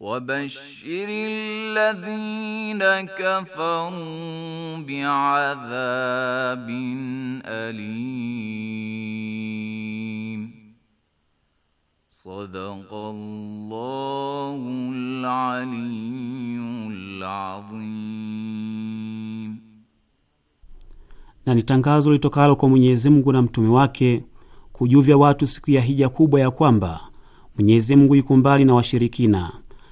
Wabashir alladhina kafaru bi'adhabin alim. Sadaqallahul aliyyul adhim. Na ni tangazo litokalo kwa Mwenyezi Mungu na mtume wake kujuvya watu siku ya hija kubwa ya kwamba Mwenyezi Mungu yuko mbali na washirikina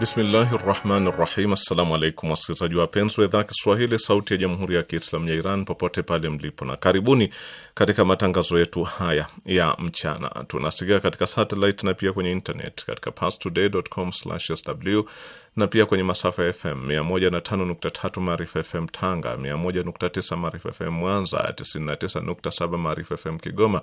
Bismillahi rahmani rahim. Assalamu alaikum wasikilizaji wapenzi wa idhaa Kiswahili sauti ya jamhuri ya Kiislamu ya Iran popote pale mlipo, na karibuni katika matangazo yetu haya ya mchana. Tunasikia katika satelit na pia kwenye internet katika pastodaycom sw na pia kwenye masafa ya FM 105.3 Maarifa FM Tanga, 101.9 Maarifa FM Mwanza, 99.7 Maarifa FM Kigoma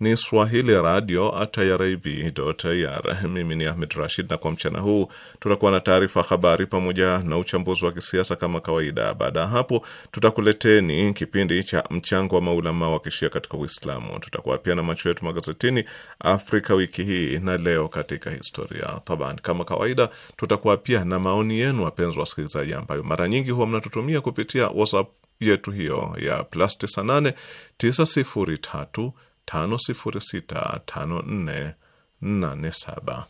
ni swahili radio tirivr. Mimi ni Ahmed Rashid, na kwa mchana huu tutakuwa na taarifa habari pamoja na uchambuzi wa kisiasa kama kawaida. Baada ya hapo, tutakuleteni kipindi cha mchango wa maulama wa kishia katika Uislamu. Tutakuwa pia na macho yetu magazetini, Afrika wiki hii na leo katika historia. Taban, kama kawaida, tutakuwa pia na maoni yenu, wapenzi wasikilizaji, ambayo mara nyingi huwa mnatutumia kupitia WhatsApp yetu hiyo ya plus 98 903 tano tano sifuri sita nne saba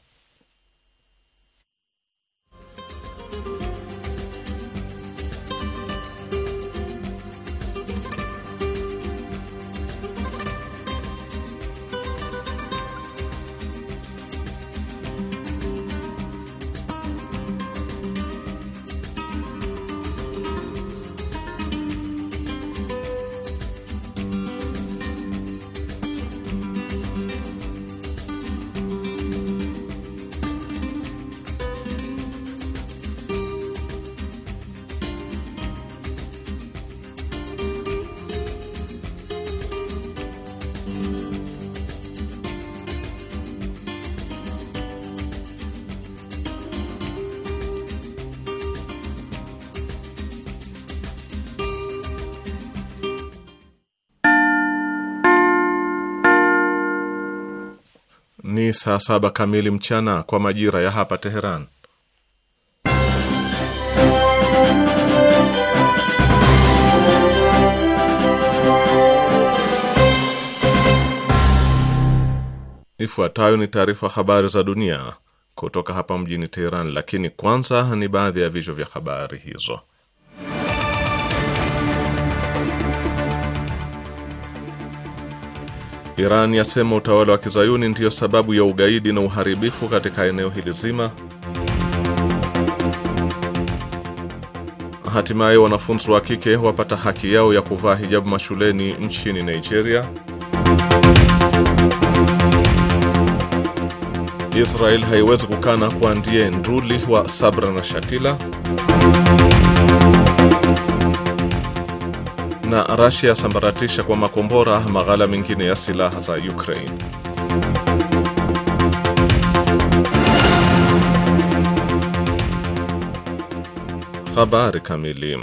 saa saba kamili mchana kwa majira ya hapa Teheran. Ifuatayo ni taarifa habari za dunia kutoka hapa mjini Teheran, lakini kwanza ni baadhi ya vichwa vya habari hizo. Iran yasema utawala wa kizayuni ndiyo sababu ya ugaidi na uharibifu katika eneo hili zima. Hatimaye wanafunzi wa kike wapata haki yao ya kuvaa hijabu mashuleni nchini Nigeria. Israel haiwezi kukana kuwa ndiye nduli wa Sabra na Shatila. na Rasia yasambaratisha kwa makombora maghala mengine ya silaha za Ukraine. Habari kamili.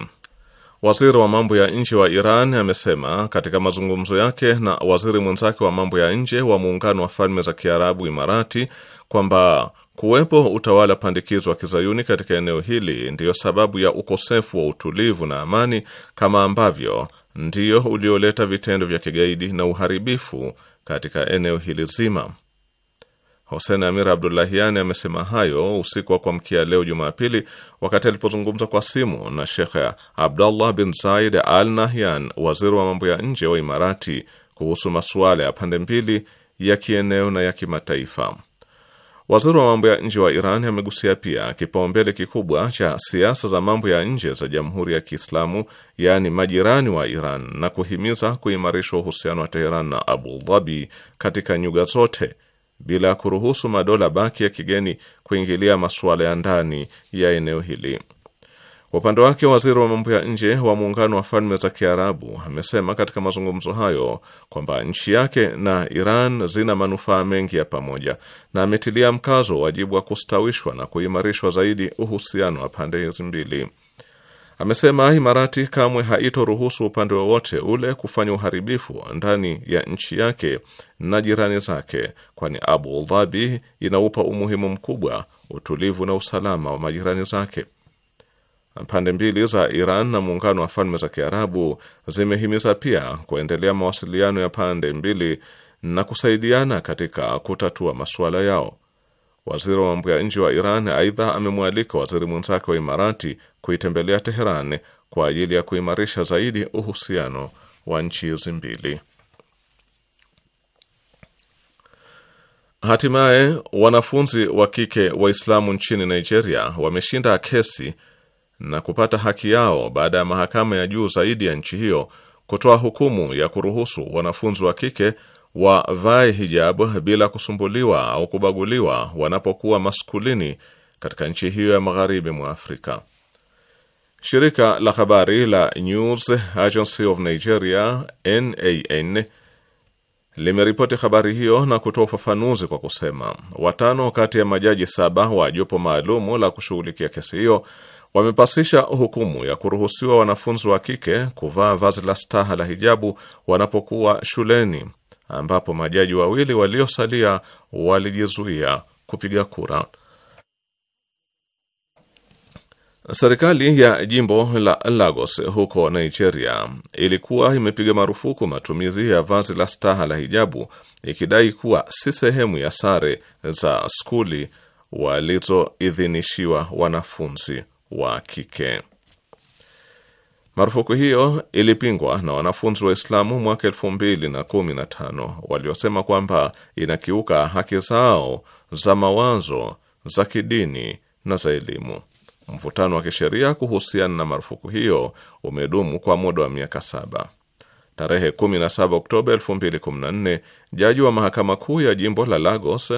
Waziri wa mambo ya nje wa Iran amesema katika mazungumzo yake na waziri mwenzake wa mambo ya nje wa Muungano wa Falme za Kiarabu Imarati kwamba Kuwepo utawala pandikizo wa kizayuni katika eneo hili ndiyo sababu ya ukosefu wa utulivu na amani, kama ambavyo ndiyo ulioleta vitendo vya kigaidi na uharibifu katika eneo hili zima. hosen Amir Abdullahian amesema hayo usiku wa kuamkia leo Jumapili, wakati alipozungumza kwa simu na shekhe Abdullah bin Zaid Al Nahyan, waziri wa mambo ya nje wa Imarati, kuhusu masuala ya pande mbili ya kieneo na ya kimataifa. Waziri wa mambo ya nje wa Iran amegusia pia kipaumbele kikubwa cha siasa za mambo ya nje za Jamhuri ya Kiislamu, yaani majirani wa Iran, na kuhimiza kuimarishwa uhusiano wa Teheran na Abu Dhabi katika nyuga zote bila ya kuruhusu madola baki ya kigeni kuingilia masuala ya ndani ya eneo hili. Kwa upande wake waziri wa mambo ya nje wa Muungano wa Falme za Kiarabu amesema katika mazungumzo hayo kwamba nchi yake na Iran zina manufaa mengi ya pamoja, na ametilia mkazo wajibu wa kustawishwa na kuimarishwa zaidi uhusiano wa pande hizi mbili. Amesema Imarati kamwe haitoruhusu upande wowote ule kufanya uharibifu ndani ya nchi yake na jirani zake, kwani Abu Dhabi inaupa umuhimu mkubwa utulivu na usalama wa majirani zake. Pande mbili za Iran na Muungano wa Falme za Kiarabu zimehimiza pia kuendelea mawasiliano ya pande mbili na kusaidiana katika kutatua masuala yao. Waziri wa mambo ya nje wa Iran aidha amemwalika waziri mwenzake wa Imarati kuitembelea Teheran kwa ajili ya kuimarisha zaidi uhusiano wa nchi hizi mbili. Hatimaye, wanafunzi wa kike Waislamu nchini Nigeria wameshinda kesi na kupata haki yao baada ya mahakama ya juu zaidi ya nchi hiyo kutoa hukumu ya kuruhusu wanafunzi wa kike wavae hijab bila kusumbuliwa au kubaguliwa wanapokuwa maskulini katika nchi hiyo ya magharibi mwa Afrika. Shirika la habari la News Agency of Nigeria NAN limeripoti habari hiyo na kutoa ufafanuzi kwa kusema watano kati ya majaji saba wa jopo maalumu la kushughulikia kesi hiyo wamepasisha hukumu ya kuruhusiwa wanafunzi wa kike kuvaa vazi la staha la hijabu wanapokuwa shuleni, ambapo majaji wawili waliosalia walijizuia kupiga kura. Serikali ya jimbo la Lagos huko Nigeria ilikuwa imepiga marufuku matumizi ya vazi la staha la hijabu ikidai kuwa si sehemu ya sare za skuli walizoidhinishiwa wanafunzi wa kike. Marufuku hiyo ilipingwa na wanafunzi Waislamu mwaka elfu mbili na kumi na tano waliosema kwamba inakiuka haki zao za mawazo, za kidini na za elimu. Mvutano wa kisheria kuhusiana na marufuku hiyo umedumu kwa muda wa miaka saba. Tarehe 17 Oktoba 2014 jaji wa mahakama kuu ya jimbo la Lagos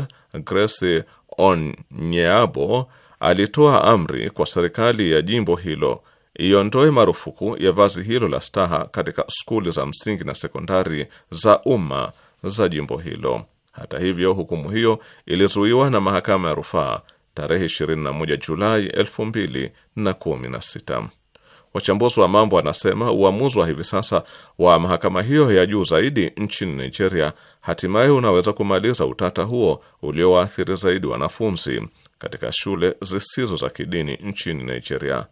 Grace Onyeabo alitoa amri kwa serikali ya jimbo hilo iondoe marufuku ya vazi hilo la staha katika skuli za msingi na sekondari za umma za jimbo hilo. Hata hivyo, hukumu hiyo ilizuiwa na mahakama ya rufaa tarehe 21 Julai 2016. Wachambuzi wa mambo wanasema uamuzi wa hivi sasa wa mahakama hiyo ya juu zaidi nchini Nigeria hatimaye unaweza kumaliza utata huo uliowaathiri zaidi wanafunzi katika shule zisizo za kidini nchini Nigeria.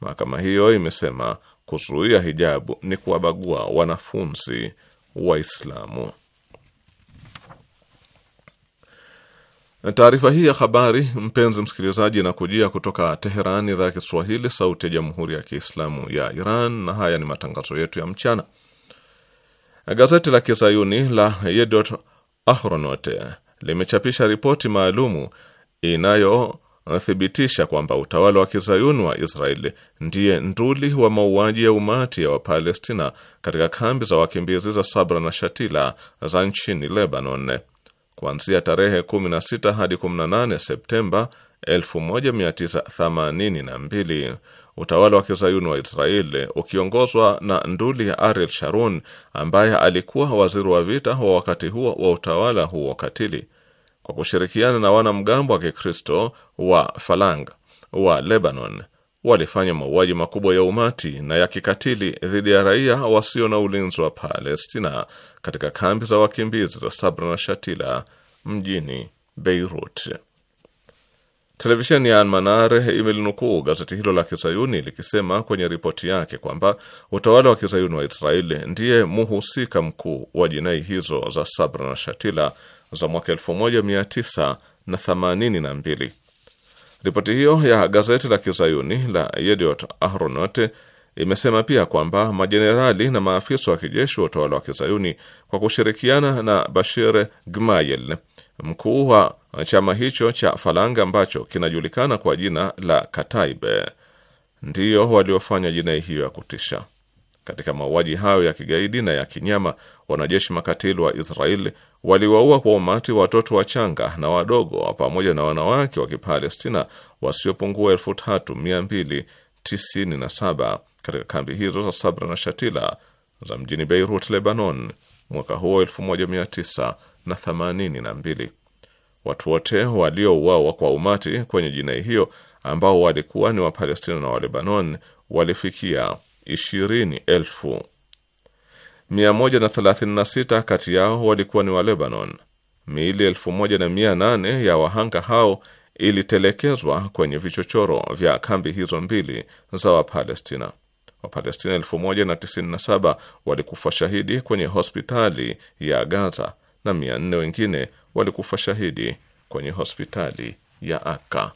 Mahakama hiyo imesema kuzuia hijabu ni kuwabagua wanafunzi Waislamu. Taarifa hii ya habari, mpenzi msikilizaji, na kujia kutoka Teherani, idhaa ya Kiswahili, sauti ya jamhuri ya kiislamu ya Iran, na haya ni matangazo yetu ya mchana. Gazeti la kizayuni la Yedot Ahronote limechapisha ripoti maalumu inayothibitisha kwamba utawala wa kizayuni wa Israeli ndiye nduli wa mauaji ya umati ya Wapalestina katika kambi za wakimbizi za Sabra na Shatila za nchini Lebanon kuanzia tarehe 16 hadi 18 Septemba 1982. Utawala wa kizayuni wa Israeli ukiongozwa na nduli ya Ariel Sharon ambaye alikuwa waziri wa vita wa wakati huo wa utawala huo katili kwa kushirikiana na wanamgambo wa Kikristo wa Falang wa Lebanon walifanya mauaji makubwa ya umati na ya kikatili dhidi ya raia wasio na ulinzi wa Palestina katika kambi za wakimbizi za Sabra na Shatila mjini Beirut. Televisheni ya Al-Manar imelinukuu gazeti hilo la kizayuni likisema kwenye ripoti yake kwamba utawala wa kizayuni wa Israeli ndiye muhusika mkuu wa jinai hizo za Sabra na Shatila za mwaka 1982. Ripoti hiyo ya gazeti la kizayuni la Yediot Ahronot imesema pia kwamba majenerali na maafisa wa kijeshi wa utawala wa kizayuni kwa kushirikiana na Bashir Gmayel, mkuu wa chama hicho cha Falanga ambacho kinajulikana kwa jina la Kataibe, ndiyo waliofanya jinai hiyo ya kutisha. Katika mauaji hayo ya kigaidi na ya kinyama, wanajeshi makatili wa Israeli waliwaua kwa umati watoto wachanga na wadogo pamoja na wanawake wa Kipalestina wasiopungua 3297 katika kambi hizo za Sabra na Shatila za mjini Beirut, Lebanon, mwaka huo 1982. Watu wote waliouawa kwa umati kwenye jinai hiyo ambao walikuwa ni Wapalestina na Walebanon walifikia elfu. 136 kati yao walikuwa ni wa Lebanon. Miili 1800 ya wahanga hao ilitelekezwa kwenye vichochoro vya kambi hizo mbili za Wapalestina. Wapalestina 1097 walikufa shahidi kwenye hospitali ya Gaza na 400 wengine walikufa shahidi kwenye hospitali ya Aka.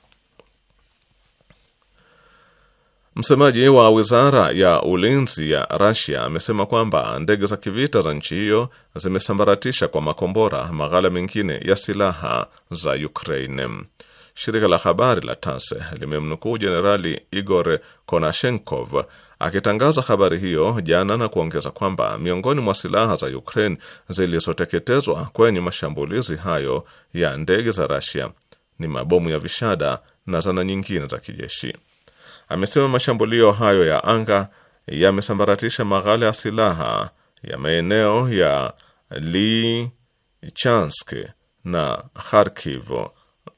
Msemaji wa wizara ya ulinzi ya Rasia amesema kwamba ndege za kivita za nchi hiyo zimesambaratisha kwa makombora maghala mengine ya silaha za Ukraine. Shirika la habari la TASS limemnukuu Jenerali Igor Konashenkov akitangaza habari hiyo jana na kuongeza kwamba miongoni mwa silaha za Ukraine zilizoteketezwa kwenye mashambulizi hayo ya ndege za Rasia ni mabomu ya vishada na zana nyingine za kijeshi amesema mashambulio hayo ya anga yamesambaratisha maghala ya silaha ya maeneo ya Lichansk na Kharkiv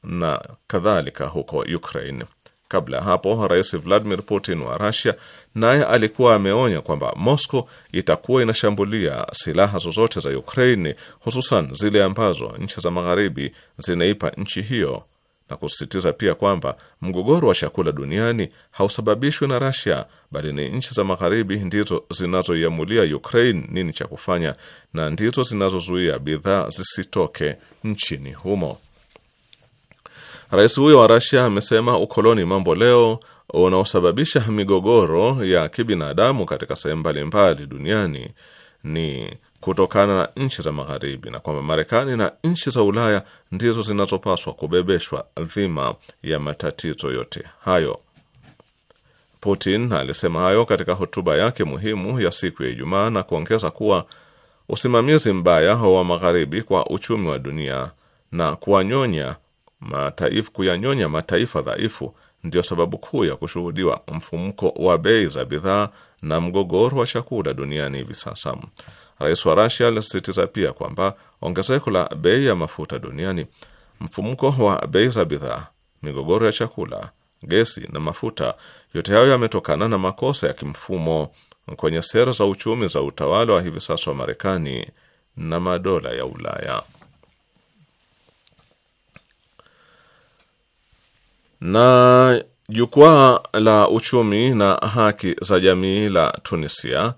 na kadhalika huko Ukraine. Kabla ya hapo, Rais Vladimir Putin wa Russia naye alikuwa ameonya kwamba Moscow itakuwa inashambulia silaha zozote za Ukraine, hususan zile ambazo nchi za magharibi zinaipa nchi hiyo na kusisitiza pia kwamba mgogoro wa chakula duniani hausababishwi na Russia bali ni nchi za magharibi ndizo zinazoiamulia Ukraine nini cha kufanya na ndizo zinazozuia bidhaa zisitoke nchini humo. Rais huyo wa Russia amesema ukoloni mambo leo unaosababisha migogoro ya kibinadamu katika sehemu mbalimbali duniani ni kutokana na nchi za Magharibi na kwamba Marekani na nchi za Ulaya ndizo zinazopaswa kubebeshwa dhima ya matatizo yote hayo. Putin alisema hayo katika hotuba yake muhimu ya siku ya Ijumaa na kuongeza kuwa usimamizi mbaya wa Magharibi kwa uchumi wa dunia na kuwanyonya mataifa, kuyanyonya mataifa dhaifu ndiyo sababu kuu ya kushuhudiwa mfumko wa bei za bidhaa na mgogoro wa chakula duniani hivi sasa. Rais wa Rasia alisisitiza pia kwamba ongezeko la bei ya mafuta duniani, mfumuko wa bei za bidhaa, migogoro ya chakula, gesi na mafuta, yote hayo yametokana na makosa ya kimfumo kwenye sera za uchumi za utawala wa hivi sasa wa Marekani na madola ya Ulaya. Na jukwaa la uchumi na haki za jamii la Tunisia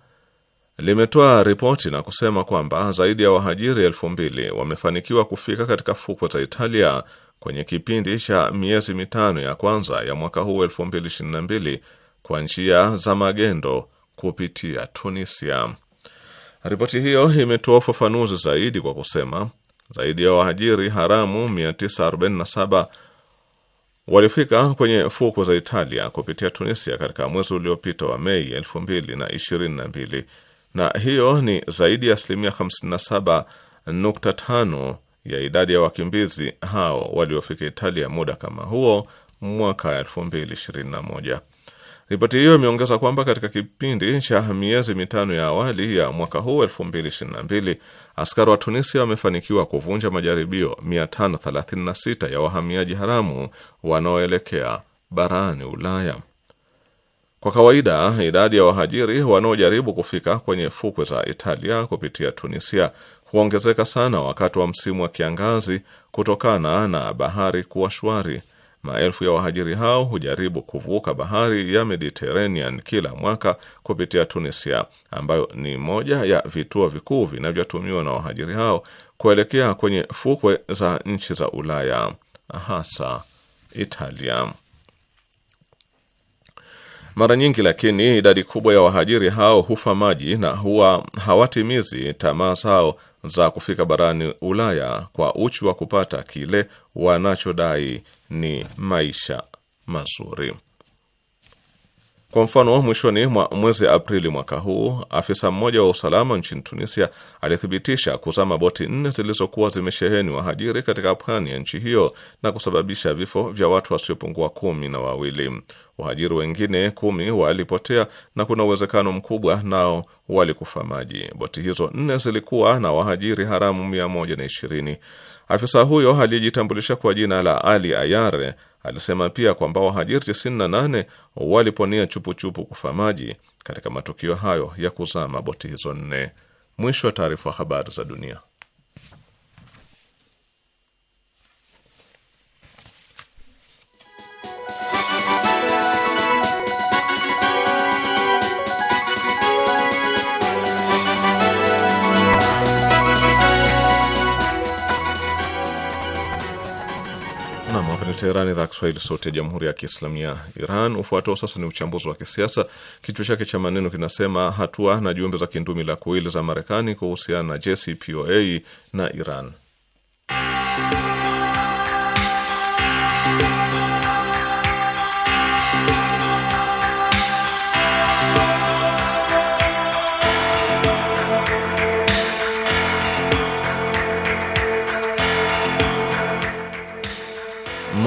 limetoa ripoti na kusema kwamba zaidi ya wahajiri elfu mbili wamefanikiwa kufika katika fukwe za Italia kwenye kipindi cha miezi mitano ya kwanza ya mwaka huu 2022 kwa njia za magendo kupitia Tunisia. Ripoti hiyo imetoa ufafanuzi zaidi kwa kusema zaidi ya wahajiri haramu 947 walifika kwenye fukwe za Italia kupitia Tunisia katika mwezi uliopita wa Mei 2022 na hiyo ni zaidi ya asilimia 57.5 ya idadi ya wakimbizi hao waliofika Italia muda kama huo mwaka 2021. Ripoti hiyo imeongeza kwamba katika kipindi cha miezi mitano ya awali ya mwaka huu 2022, askari wa Tunisia wamefanikiwa kuvunja majaribio 536 ya wahamiaji haramu wanaoelekea barani Ulaya. Kwa kawaida idadi ya wahajiri wanaojaribu kufika kwenye fukwe za Italia kupitia Tunisia huongezeka sana wakati wa msimu wa kiangazi kutokana na bahari kuwa shwari. Maelfu ya wahajiri hao hujaribu kuvuka bahari ya Mediterranean kila mwaka kupitia Tunisia, ambayo ni moja ya vituo vikuu vinavyotumiwa na wahajiri hao kuelekea kwenye fukwe za nchi za Ulaya, hasa Italia. Mara nyingi lakini idadi kubwa ya wahajiri hao hufa maji na huwa hawatimizi tamaa zao za kufika barani Ulaya kwa uchu wa kupata kile wanachodai ni maisha mazuri. Kwa mfano, mwishoni mwa mwezi Aprili mwaka huu, afisa mmoja wa usalama nchini Tunisia alithibitisha kuzama boti nne zilizokuwa zimesheheni wahajiri katika pwani ya nchi hiyo na kusababisha vifo vya watu wasiopungua kumi na wawili. Wahajiri wengine kumi walipotea na kuna uwezekano mkubwa nao walikufa maji. Boti hizo nne zilikuwa na wahajiri haramu mia moja na ishirini. Afisa huyo aliyejitambulisha kwa jina la Ali Ayare Alisema pia kwamba wahajiri 98 waliponia chupuchupu kufa maji katika matukio hayo ya kuzama boti hizo nne. Mwisho wa taarifa. Habari za dunia. Teherani, idhaa Kiswahili, sauti ya jamhuri ya kiislamu ya Iran. Ufuatao sasa ni uchambuzi wa kisiasa, kichwa chake cha maneno kinasema hatua na jumbe za kindumi la kuili za Marekani kuhusiana na JCPOA na Iran.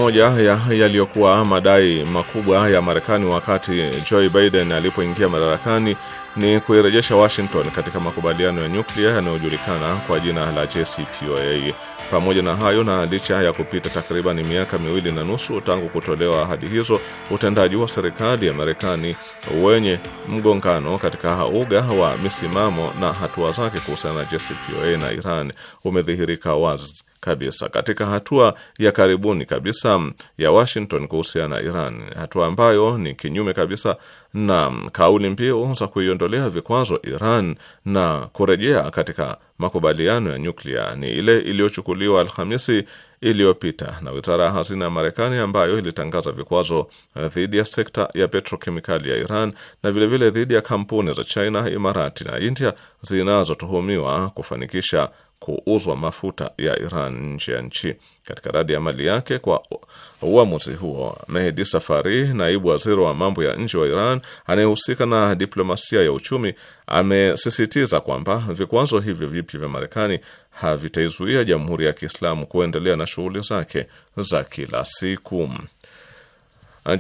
moja ya yaliyokuwa madai makubwa ya Marekani wakati Joe Biden alipoingia madarakani ni kuirejesha Washington katika makubaliano ya nyuklia yanayojulikana kwa jina la JCPOA. Pamoja na hayo, na licha ya kupita takriban miaka miwili na nusu tangu kutolewa ahadi hizo, utendaji wa serikali ya Marekani wenye mgongano katika uga wa misimamo na hatua zake kuhusiana na JCPOA na Iran umedhihirika wazi kabisa katika hatua ya karibuni kabisa ya Washington kuhusiana na Iran, hatua ambayo ni kinyume kabisa na kauli mbiu za kuiondolea vikwazo Iran na kurejea katika makubaliano ya nyuklia ni ile iliyochukuliwa Alhamisi iliyopita na wizara ya hazina ya Marekani ambayo ilitangaza vikwazo eh, dhidi ya sekta ya petrokemikali ya Iran na vilevile dhidi ya kampuni za China, Imarati na India zinazotuhumiwa kufanikisha kuuzwa mafuta ya Iran nje ya nchi. Katika radi ya mali yake kwa uamuzi huo, Mehdi Safari, naibu waziri wa mambo ya nje wa Iran anayehusika na diplomasia ya uchumi, amesisitiza kwamba vikwazo hivyo vipya vya Marekani havitaizuia Jamhuri ya Kiislamu kuendelea na shughuli zake za kila siku.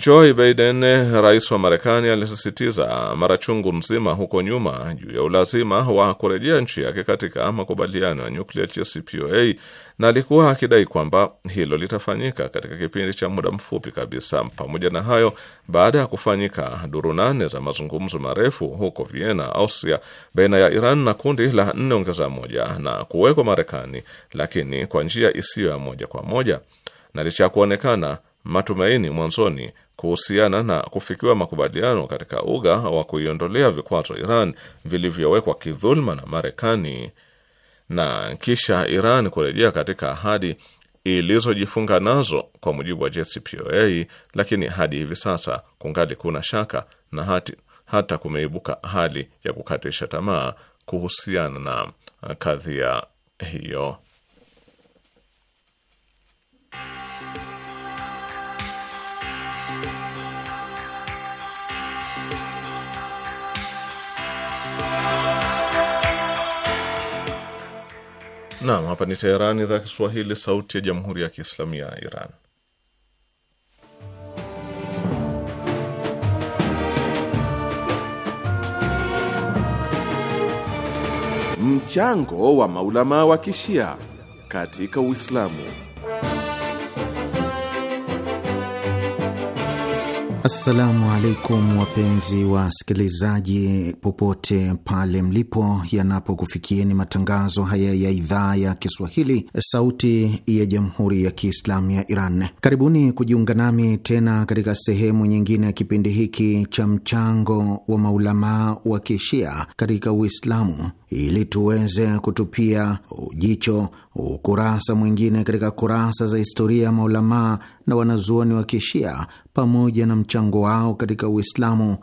Joe Biden, rais wa Marekani, alisisitiza mara chungu nzima huko nyuma juu ya ulazima wa kurejea nchi yake katika makubaliano ya nyuklia JCPOA na alikuwa akidai kwamba hilo litafanyika katika kipindi cha muda mfupi kabisa. Pamoja na hayo, baada ya kufanyika duru nane za mazungumzo marefu huko Vienna, Austria, baina ya Iran na kundi la nne ongeza moja na kuwekwa Marekani, lakini kwa njia isiyo ya moja kwa moja na lichakuonekana kuonekana matumaini mwanzoni kuhusiana na kufikiwa makubaliano katika uga wa kuiondolea vikwazo Iran vilivyowekwa kidhuluma na Marekani na kisha Iran kurejea katika ahadi ilizojifunga nazo kwa mujibu wa JCPOA, lakini hadi hivi sasa kungali kuna shaka na hati, hata kumeibuka hali ya kukatisha tamaa kuhusiana na kadhia hiyo. Naam, hapa ni Teheran, idhaa Kiswahili, sauti ya jamhuri ya kiislamu ya Iran. Mchango wa maulama wa kishia katika Uislamu. Assalamu alaikum wapenzi wa sikilizaji, popote pale mlipo, yanapokufikieni matangazo haya ya idhaa ya Kiswahili, Sauti ya Jamhuri ya Kiislamu ya Iran. Karibuni kujiunga nami tena katika sehemu nyingine ya kipindi hiki cha mchango wa maulamaa wa kishia katika Uislamu, ili tuweze kutupia jicho ukurasa mwingine katika kurasa za historia ya maulamaa na wanazuoni wa kishia pamoja na mchango wao katika Uislamu,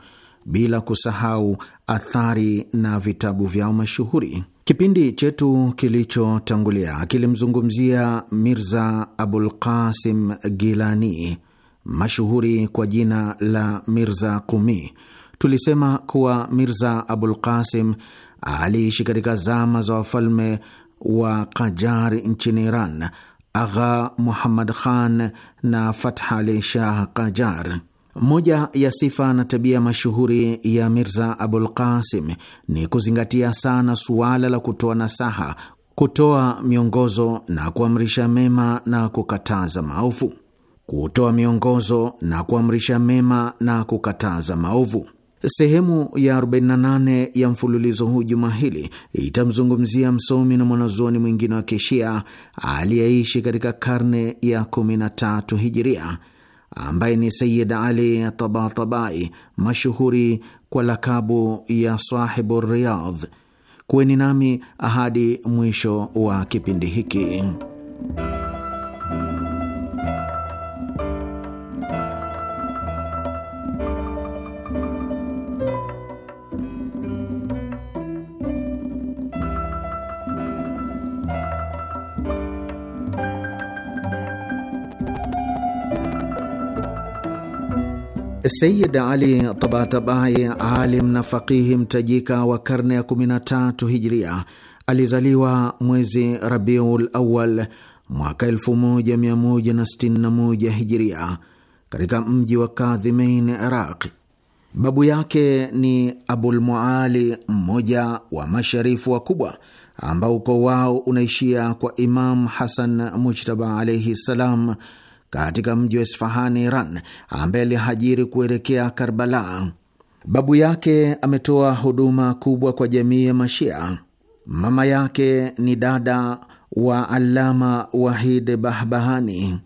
bila kusahau athari na vitabu vyao mashuhuri. Kipindi chetu kilichotangulia kilimzungumzia Mirza Abul Qasim Gilani, mashuhuri kwa jina la Mirza Qumi. Tulisema kuwa Mirza Abul Qasim aliishi katika zama za wafalme wa Kajar nchini Iran Agha Muhammad Khan na Fatha Ali Shah Kajar. Moja ya sifa na tabia mashuhuri ya Mirza Abul Qasim ni kuzingatia sana suala la kutoa nasaha, kutoa miongozo na kuamrisha mema na kukataza maovu, kutoa miongozo na kuamrisha mema na kukataza maovu Sehemu ya 48 ya mfululizo huu juma hili itamzungumzia msomi na mwanazuoni mwingine wa kishia aliyeishi katika karne ya 13 hijiria ambaye ni Sayid Ali Tabatabai, mashuhuri kwa lakabu ya Sahibu Riyadh. Kuweni nami ahadi mwisho wa kipindi hiki. Sayid Ali Tabatabai, alim na faqihi mtajika wa karne ya 13 Hijria, alizaliwa mwezi Rabiul Awal mwaka 1161 Hijria katika mji wa Kadhimain, Iraq. Babu yake ni Abulmuali, mmoja wa masharifu wakubwa ambao ukoo wao unaishia kwa Imam Hasan Mujtaba alaihi ssalam katika mji wa Isfahani, Iran, ambaye alihajiri kuelekea Karbala. Babu yake ametoa huduma kubwa kwa jamii ya Mashia. Mama yake ni dada wa Alama Wahid Bahbahani.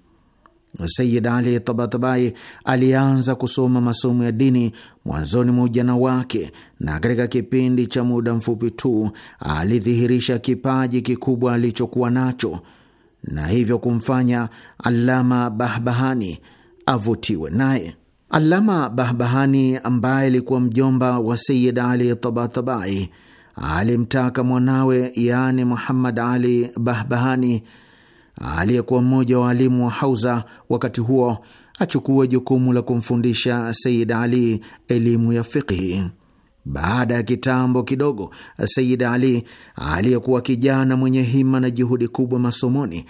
Sayid Ali Tabatabai alianza kusoma masomo ya dini mwanzoni mwa ujana wake, na katika kipindi cha muda mfupi tu alidhihirisha kipaji kikubwa alichokuwa nacho na hivyo kumfanya alama Bahbahani avutiwe naye. alama Bahbahani ambaye alikuwa mjomba wa Sayid Ali Tabatabai alimtaka mwanawe yaani Muhammad Ali Bahbahani aliyekuwa mmoja wa alimu wa hauza wakati huo achukue jukumu la kumfundisha Sayid Ali elimu ya fiqhi. Baada ya kitambo kidogo, Sayid Ali aliyekuwa kijana mwenye hima na juhudi kubwa masomoni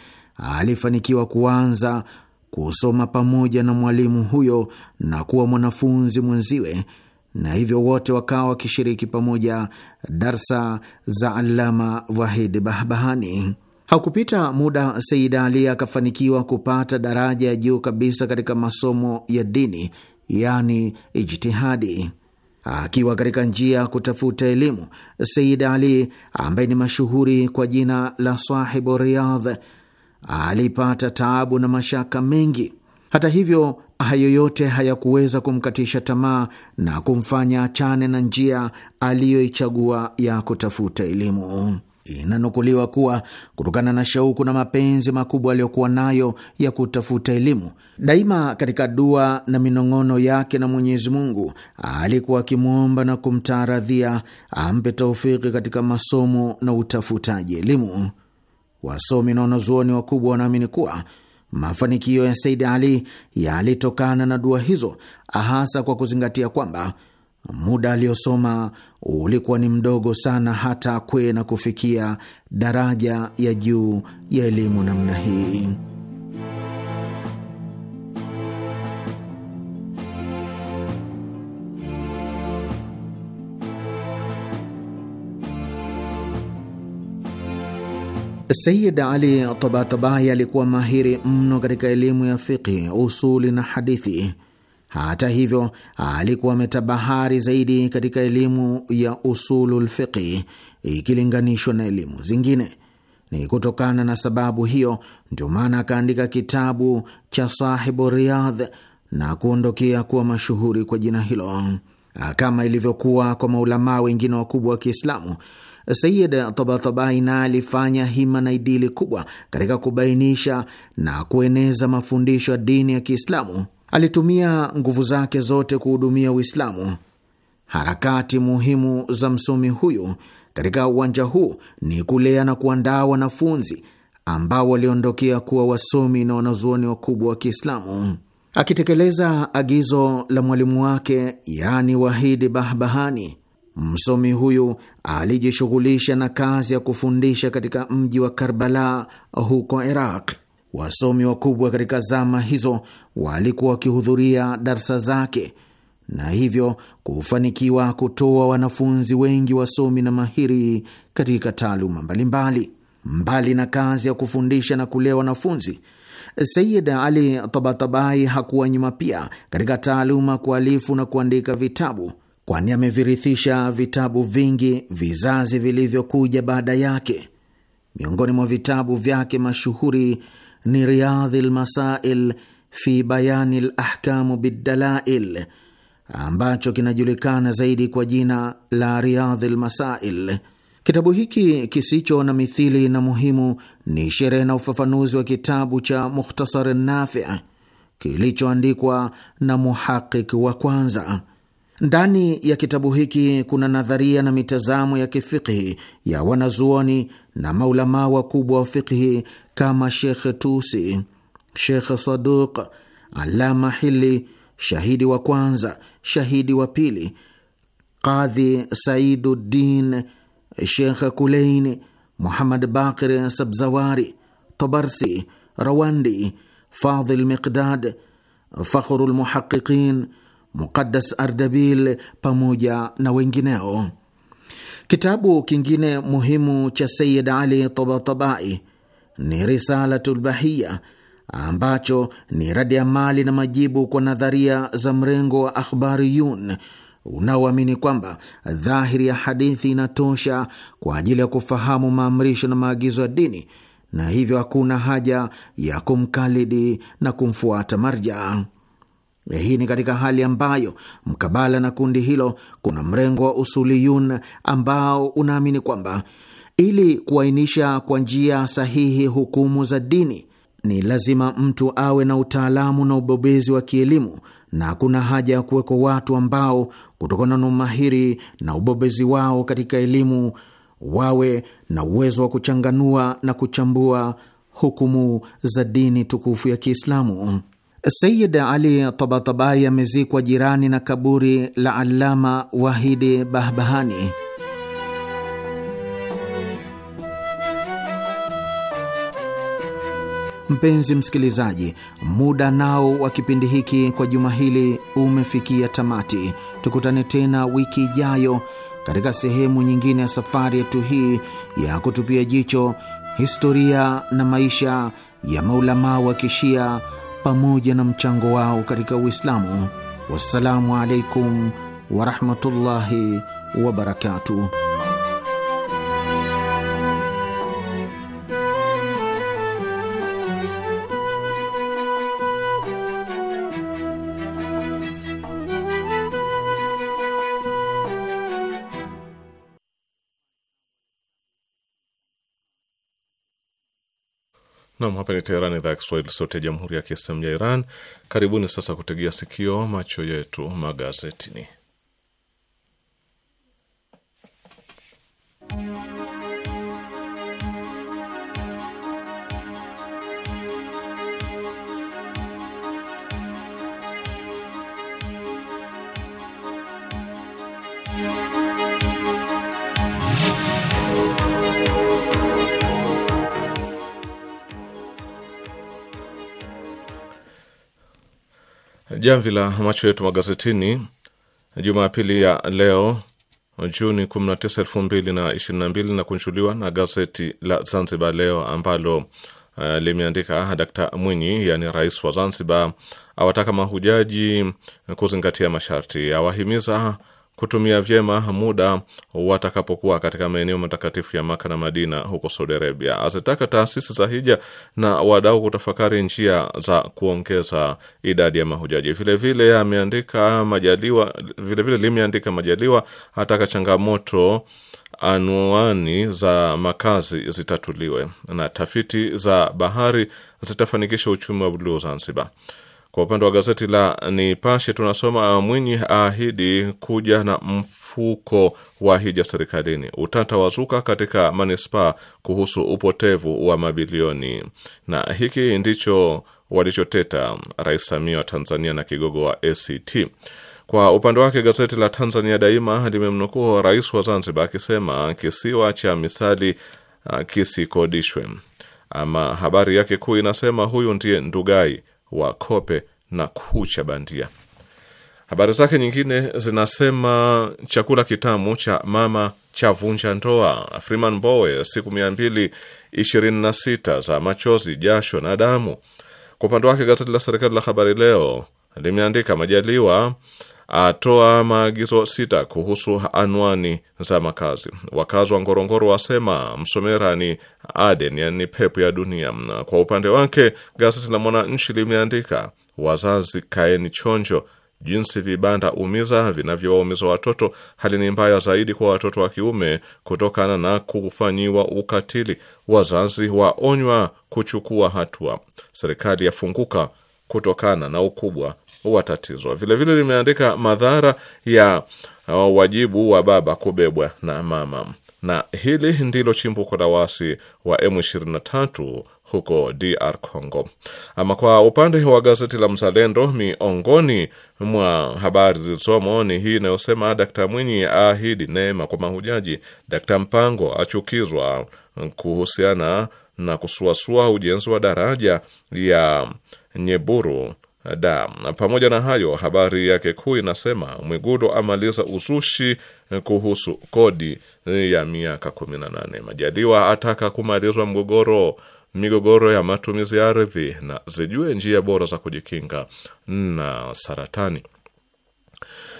alifanikiwa kuanza kusoma pamoja na mwalimu huyo na kuwa mwanafunzi mwenziwe, na hivyo wote wakawa wakishiriki pamoja darsa za alama Wahid Bahbahani. Hakupita muda Sayid Ali akafanikiwa kupata daraja ya juu kabisa katika masomo ya dini, yani ijtihadi. Akiwa katika njia ya kutafuta elimu, said Ali ambaye ni mashuhuri kwa jina la Sahibu Riyadh alipata taabu na mashaka mengi. Hata hivyo, hayo yote hayakuweza kumkatisha tamaa na kumfanya achane na njia aliyoichagua ya kutafuta elimu. Inanukuliwa kuwa kutokana na shauku na mapenzi makubwa aliyokuwa nayo ya kutafuta elimu, daima katika dua na minong'ono yake na Mwenyezi Mungu alikuwa akimwomba na kumtaaradhia ampe taufiki katika masomo na utafutaji elimu. Wasomi na wanazuoni wakubwa wanaamini kuwa mafanikio ya Said Ali yalitokana na dua hizo, hasa kwa kuzingatia kwamba muda aliyosoma ulikuwa ni mdogo sana hata akwe na kufikia daraja ya juu ya elimu namna hii. Sayid Ali Tabatabai alikuwa mahiri mno katika elimu ya fiqhi, usuli na hadithi. Hata hivyo, alikuwa ametabahari zaidi katika elimu ya usulul fiqhi ikilinganishwa na elimu zingine. Ni kutokana na sababu hiyo ndio maana akaandika kitabu cha Sahibu Riyadh na kuondokea kuwa mashuhuri kwa jina hilo. Kama ilivyokuwa kwa maulamaa wengine wakubwa wa Kiislamu, Sayid na alifanya hima na idili kubwa katika kubainisha na kueneza mafundisho ya dini ya Kiislamu alitumia nguvu zake zote kuhudumia Uislamu. Harakati muhimu za msomi huyu katika uwanja huu ni kulea na kuandaa wanafunzi ambao waliondokea kuwa wasomi na wanazuoni wakubwa wa Kiislamu. Akitekeleza agizo la mwalimu wake, yaani Wahidi Bahbahani, msomi huyu alijishughulisha na kazi ya kufundisha katika mji wa Karbala huko Iraq. Wasomi wakubwa katika zama hizo walikuwa wakihudhuria darsa zake na hivyo kufanikiwa kutoa wanafunzi wengi wasomi na mahiri katika taaluma mbalimbali. Mbali na kazi ya kufundisha na kulea wanafunzi, Sayid Ali Tabatabai hakuwa nyuma pia katika taaluma kualifu na kuandika vitabu, kwani amevirithisha vitabu vingi vizazi vilivyokuja baada yake. Miongoni mwa vitabu vyake mashuhuri ni Riadhi Lmasail fi Bayani Lahkamu Biddalail, ambacho kinajulikana zaidi kwa jina la Riadhi Lmasail. Kitabu hiki kisicho na mithili na muhimu ni sherehe na ufafanuzi wa kitabu cha Mukhtasar Nafi kilichoandikwa na muhaqiq wa kwanza. Ndani ya kitabu hiki kuna nadharia na mitazamo ya kifikhi ya wanazuoni na maulamaa wakubwa wa fikhi kama Shekh Tusi, Shekh Saduq, Alama Hili, shahidi wa kwanza, shahidi wa pili, Qadhi Saiduddin, Shekh Kuleini, Muhammad Bakir Sabzawari, Tabarsi, Rawandi, Fadhil Miqdad, Fakhru Lmuhaqiqin, Muqaddas Ardabil pamoja na wengineo. Kitabu kingine muhimu cha Sayid Ali Tabatabai ni Risalatul Bahia ambacho ni radi ya mali na majibu kwa nadharia za mrengo wa akhbariyun unaoamini kwamba dhahiri ya hadithi inatosha kwa ajili ya kufahamu maamrisho na maagizo ya dini na hivyo hakuna haja ya kumkalidi na kumfuata marja. Hii ni katika hali ambayo mkabala na kundi hilo kuna mrengo wa usuliyun ambao unaamini kwamba ili kuainisha kwa njia sahihi hukumu za dini, ni lazima mtu awe na utaalamu na ubobezi wa kielimu, na kuna haja ya kuwekwa watu ambao kutokana na umahiri na ubobezi wao katika elimu wawe na uwezo wa kuchanganua na kuchambua hukumu za dini tukufu ya Kiislamu. Sayid Ali Tabatabai amezikwa jirani na kaburi la Alama Wahidi Bahbahani. Mpenzi msikilizaji, muda nao wa kipindi hiki kwa juma hili umefikia tamati. Tukutane tena wiki ijayo katika sehemu nyingine ya safari yetu hii ya kutupia jicho historia na maisha ya maulamaa wa Kishia pamoja na mchango wao katika Uislamu. Wassalamu alaikum warahmatullahi wabarakatuh. Nam, hapa ni Teherani, idhaa ya Kiswahili, sauti ya jamhuri ya kiislamu ya Iran. Karibuni sasa kutegea sikio macho yetu magazetini. Jamvi la macho yetu magazetini Jumapili ya leo Juni 19, 2022 na kunjuliwa na gazeti la Zanzibar Leo ambalo uh, limeandika Dkt Mwinyi, yani rais wa Zanzibar, awataka mahujaji kuzingatia masharti, awahimiza kutumia vyema muda watakapokuwa katika maeneo matakatifu ya Maka na Madina huko Saudi Arabia. Azitaka taasisi za hija na wadau kutafakari njia za kuongeza idadi ya mahujaji. Vilevile ameandika Majaliwa, vilevile limeandika Majaliwa ataka changamoto anuani za makazi zitatuliwe na tafiti za bahari zitafanikisha uchumi wa bluu Zanzibar. Kwa upande wa gazeti la Nipashe tunasoma Mwinyi ahidi kuja na mfuko wa hija serikalini, utata wazuka katika manispaa kuhusu upotevu wa mabilioni. Na hiki ndicho walichoteta Rais Samia wa Tanzania na kigogo wa ACT. Kwa upande wake gazeti la Tanzania Daima limemnukuu rais wa Zanzibar akisema kisiwa cha Misali uh, kisikodishwe. Ama habari yake kuu inasema huyu ndiye Ndugai wa kope na kucha bandia. Habari zake nyingine zinasema chakula kitamu cha mama cha vunja ndoa. Freeman Mbowe, siku mia mbili ishirini na sita za machozi, jasho na damu. Kwa upande wake gazeti la serikali la Habari Leo limeandika Majaliwa atoa maagizo sita kuhusu anwani za makazi. Wakazi wa Ngorongoro wasema Msomera ni Aden, yani pepo ya dunia. Kwa upande wake gazeti la Mwananchi limeandika wazazi kaeni chonjo, jinsi vibanda umiza vinavyowaumiza watoto. Hali ni mbaya zaidi kwa watoto wa kiume kutokana na kufanyiwa ukatili. Wazazi waonywa kuchukua hatua. Serikali yafunguka kutokana na ukubwa watatizwa. Vilevile limeandika madhara ya uh, wajibu wa baba kubebwa na mama, na hili ndilo chimbuko la wasi wa M23 huko DR Congo. Ama kwa upande wa gazeti la Mzalendo, miongoni mwa habari zilizomo ni hii inayosema Dkt Mwinyi aahidi neema kwa mahujaji, Dkt Mpango achukizwa kuhusiana na kusuasua ujenzi wa daraja ya Nyeburu da. Pamoja na hayo, habari yake kuu inasema Mwigulu amaliza uzushi eh, kuhusu kodi eh, ya miaka 18. Majaliwa ataka kumalizwa mgogoro migogoro ya matumizi ya ardhi na zijue njia bora za kujikinga na saratani.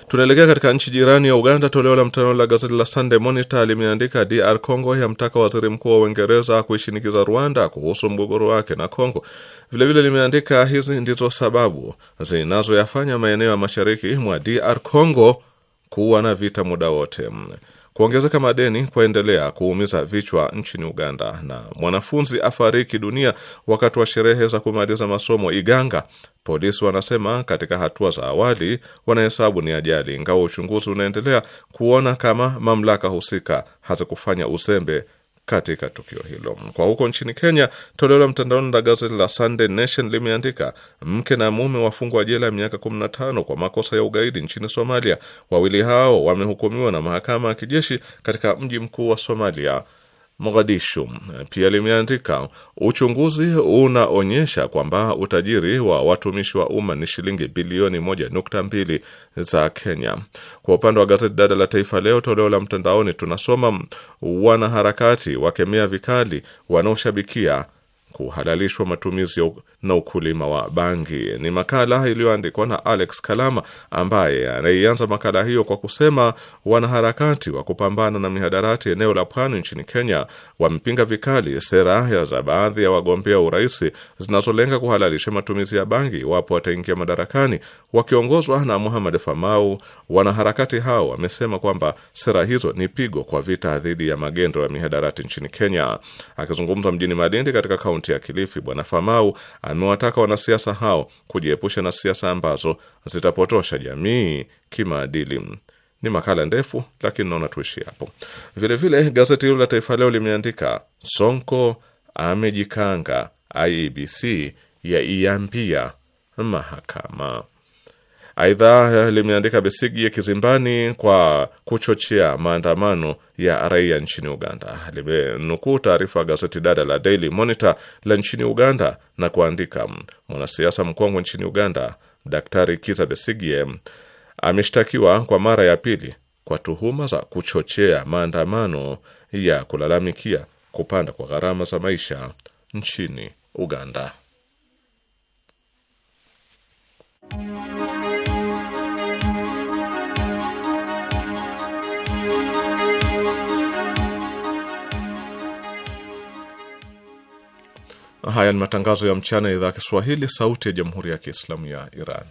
Tunaelekea katika nchi jirani ya Uganda. Toleo la mtandao la gazeti la Sunday Monitor limeandika DR Congo yamtaka waziri mkuu wa Uingereza kuishinikiza Rwanda kuhusu mgogoro wake na Congo. Vilevile limeandika hizi ndizo sababu zinazoyafanya maeneo ya mashariki mwa DR Congo kuwa na vita muda wote. Kuongezeka madeni kwaendelea kuumiza vichwa nchini Uganda, na mwanafunzi afariki dunia wakati wa sherehe za kumaliza masomo Iganga. Polisi wanasema katika hatua za awali wanahesabu ni ajali, ingawa uchunguzi unaendelea kuona kama mamlaka husika hazikufanya uzembe katika tukio hilo. Kwa huko nchini Kenya, toleo la mtandaoni la gazeti la Sunday Nation limeandika mke na mume wafungwa jela ya miaka 15 kwa makosa ya ugaidi nchini Somalia. Wawili hao wamehukumiwa na mahakama ya kijeshi katika mji mkuu wa Somalia, Mogadishu pia limeandika uchunguzi unaonyesha kwamba utajiri wa watumishi wa umma ni shilingi bilioni 1.2 za Kenya. Kwa upande wa gazeti dada la Taifa Leo toleo la mtandaoni, tunasoma wanaharakati wakemea vikali wanaoshabikia kuhalalishwa matumizi na ukulima wa bangi. Ni makala iliyoandikwa na Alex Kalama ambaye anaianza makala hiyo kwa kusema wanaharakati wa kupambana na mihadarati eneo la pwani nchini Kenya wamepinga vikali sera za baadhi ya wagombea urais zinazolenga kuhalalisha matumizi ya bangi iwapo wataingia madarakani, Wakiongozwa na Muhammad Famau, wanaharakati hao wamesema kwamba sera hizo ni pigo kwa vita dhidi ya magendo ya mihadarati nchini Kenya. Akizungumza mjini Malindi katika kaunti ya Kilifi, Bwana Famau amewataka wanasiasa hao kujiepusha na siasa ambazo zitapotosha jamii kimaadili. Ni makala ndefu, lakini naona tuishi hapo. Vilevile gazeti hilo la Taifa Leo limeandika Sonko amejikanga, IEBC yaiambia mahakama Aidha eh, limeandika Besigye kizimbani kwa kuchochea maandamano ya raia nchini Uganda. Limenukuu taarifa gazeti dada la Daily Monitor la nchini Uganda na kuandika, mwanasiasa mkongwe nchini Uganda Daktari Kiza Besigye ameshtakiwa kwa mara ya pili kwa tuhuma za kuchochea maandamano ya kulalamikia kupanda kwa gharama za maisha nchini Uganda. Haya ni matangazo ya mchana ya idhaa ya Kiswahili, sauti ya jamhuri ya kiislamu ya Iran.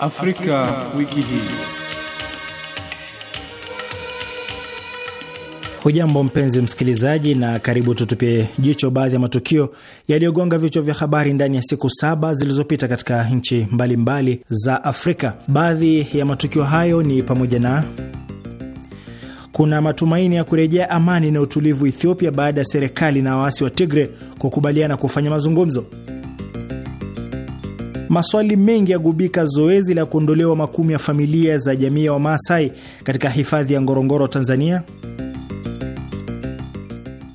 Afrika, Afrika wiki hii. Hujambo mpenzi msikilizaji, na karibu tutupie jicho baadhi ya matukio yaliyogonga vichwa vya habari ndani ya siku saba zilizopita katika nchi mbalimbali za Afrika. Baadhi ya matukio hayo ni pamoja na kuna matumaini ya kurejea amani na utulivu Ethiopia baada ya serikali na waasi wa Tigre kukubaliana kufanya mazungumzo. Maswali mengi yagubika zoezi la kuondolewa makumi ya familia za jamii ya Wamaasai katika hifadhi ya Ngorongoro, Tanzania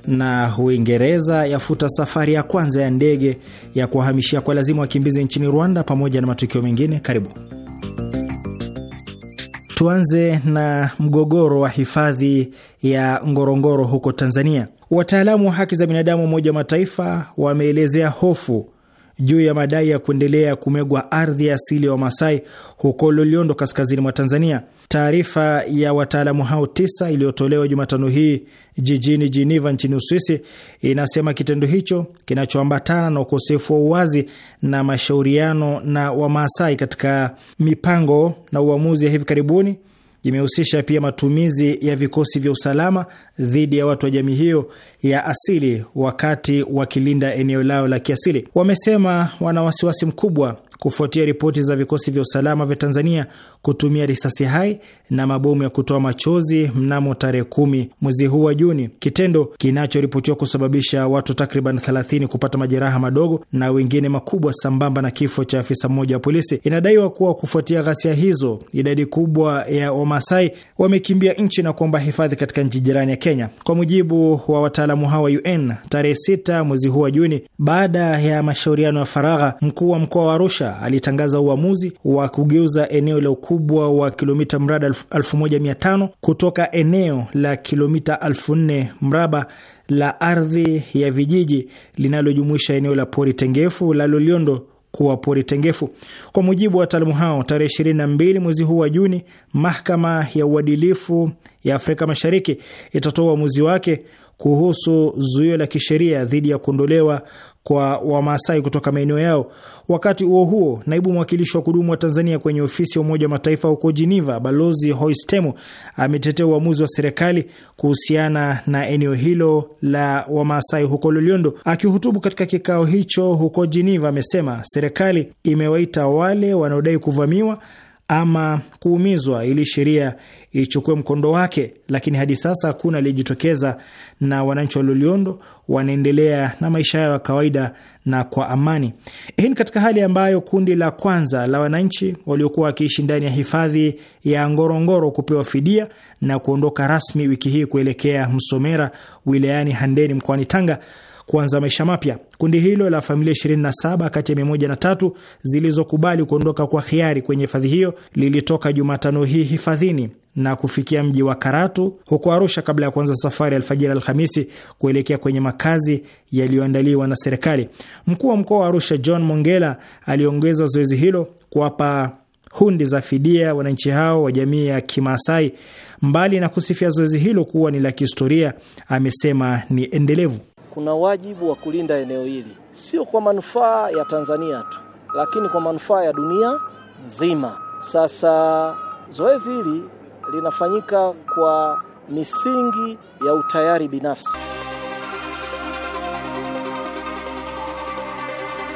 na Uingereza yafuta safari ya kwanza ya ndege ya kuwahamishia kwa lazima wakimbizi nchini Rwanda, pamoja na matukio mengine. Karibu tuanze na mgogoro wa hifadhi ya Ngorongoro huko Tanzania. Wataalamu wa haki za binadamu Umoja wa Mataifa wameelezea hofu juu ya madai ya kuendelea kumegwa ardhi ya asili ya Wamasai huko Loliondo, kaskazini mwa Tanzania. Taarifa ya wataalamu hao tisa iliyotolewa Jumatano hii jijini Geneva nchini Uswisi inasema kitendo hicho kinachoambatana na ukosefu wa uwazi na mashauriano na Wamaasai katika mipango na uamuzi ya hivi karibuni imehusisha pia matumizi ya vikosi vya usalama dhidi ya watu wa jamii hiyo ya asili wakati wakilinda eneo lao la kiasili. Wamesema wana wasiwasi mkubwa kufuatia ripoti za vikosi vya usalama vya Tanzania kutumia risasi hai na mabomu ya kutoa machozi mnamo tarehe kumi mwezi huu wa Juni, kitendo kinachoripotiwa kusababisha watu takriban 30 kupata majeraha madogo na wengine makubwa, sambamba na kifo cha afisa mmoja wa polisi. Inadaiwa kuwa kufuatia ghasia hizo, idadi kubwa ya Wamasai wamekimbia nchi na kuomba hifadhi katika nchi jirani ya Kenya. Kwa mujibu wa wataalamu hawa UN, tarehe 6 mwezi huu wa Juni, baada ya mashauriano ya faragha, mkuu wa mkoa wa Arusha Arusha alitangaza uamuzi wa kugeuza eneo la ukubwa wa kilomita mraba 1500 kutoka eneo la kilomita 4000 mraba la ardhi ya vijiji linalojumuisha eneo la pori tengefu la Loliondo kuwa pori tengefu. Kwa mujibu wa wataalamu hao, tarehe 22 mwezi huu wa Juni, mahakama ya uadilifu ya Afrika Mashariki itatoa uamuzi wake kuhusu zuio la kisheria dhidi ya kuondolewa kwa Wamaasai kutoka maeneo yao. Wakati huo huo, naibu mwakilishi wa kudumu wa Tanzania kwenye ofisi ya Umoja wa Mataifa huko Geneva, Balozi Hoistemo ametetea uamuzi wa serikali kuhusiana na eneo hilo la Wamaasai huko Loliondo. Akihutubu katika kikao hicho huko Geneva, amesema serikali imewaita wale wanaodai kuvamiwa ama kuumizwa ili sheria ichukue mkondo wake, lakini hadi sasa hakuna aliyejitokeza, na wananchi wa Loliondo wanaendelea na maisha yao ya kawaida na kwa amani. Hii ni katika hali ambayo kundi la kwanza la wananchi waliokuwa wakiishi ndani ya hifadhi ya Ngorongoro kupewa fidia na kuondoka rasmi wiki hii kuelekea Msomera wilayani Handeni mkoani Tanga kuanza maisha mapya. Kundi hilo la familia 27 kati ya 103 zilizokubali kuondoka kwa hiari kwenye hifadhi hiyo lilitoka Jumatano hii hifadhini na kufikia mji wa Karatu huko Arusha kabla ya kuanza safari alfajiri Alhamisi kuelekea kwenye makazi yaliyoandaliwa na serikali. Mkuu wa mkoa wa Arusha John Mongela aliongeza zoezi hilo kuwapa hundi za fidia wananchi hao wa jamii ya Kimaasai. Mbali na kusifia zoezi hilo kuwa ni la kihistoria, amesema ni endelevu kuna wajibu wa kulinda eneo hili, sio kwa manufaa ya Tanzania tu, lakini kwa manufaa ya dunia nzima. Sasa zoezi hili linafanyika kwa misingi ya utayari binafsi.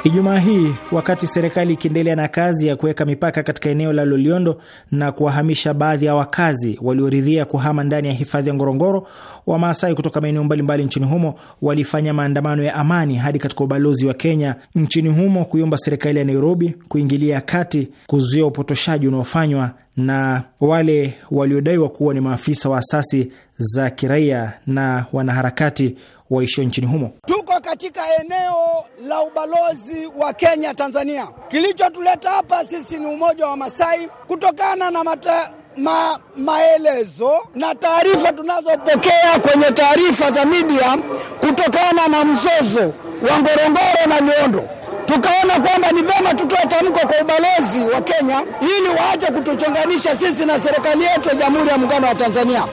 Ijumaa hii wakati serikali ikiendelea na kazi ya kuweka mipaka katika eneo la Loliondo na kuwahamisha baadhi ya wakazi walioridhia kuhama ndani ya hifadhi ya Ngorongoro, Wamaasai kutoka maeneo mbalimbali nchini humo walifanya maandamano ya amani hadi katika ubalozi wa Kenya nchini humo kuiomba serikali ya Nairobi kuingilia kati kuzuia upotoshaji unaofanywa na wale waliodaiwa kuwa ni maafisa wa asasi za kiraia na wanaharakati waishio nchini humo tu katika eneo la ubalozi wa Kenya Tanzania. Kilichotuleta hapa sisi ni umoja wa Masai kutokana na mata, ma, maelezo na taarifa tunazopokea kwenye taarifa za media kutokana na mzozo wa Ngorongoro na Liondo tukaona kwamba ni vema tutoe tamko kwa ubalozi wa Kenya ili waache kutuchonganisha sisi na serikali yetu ya Jamhuri ya Muungano wa Tanzania.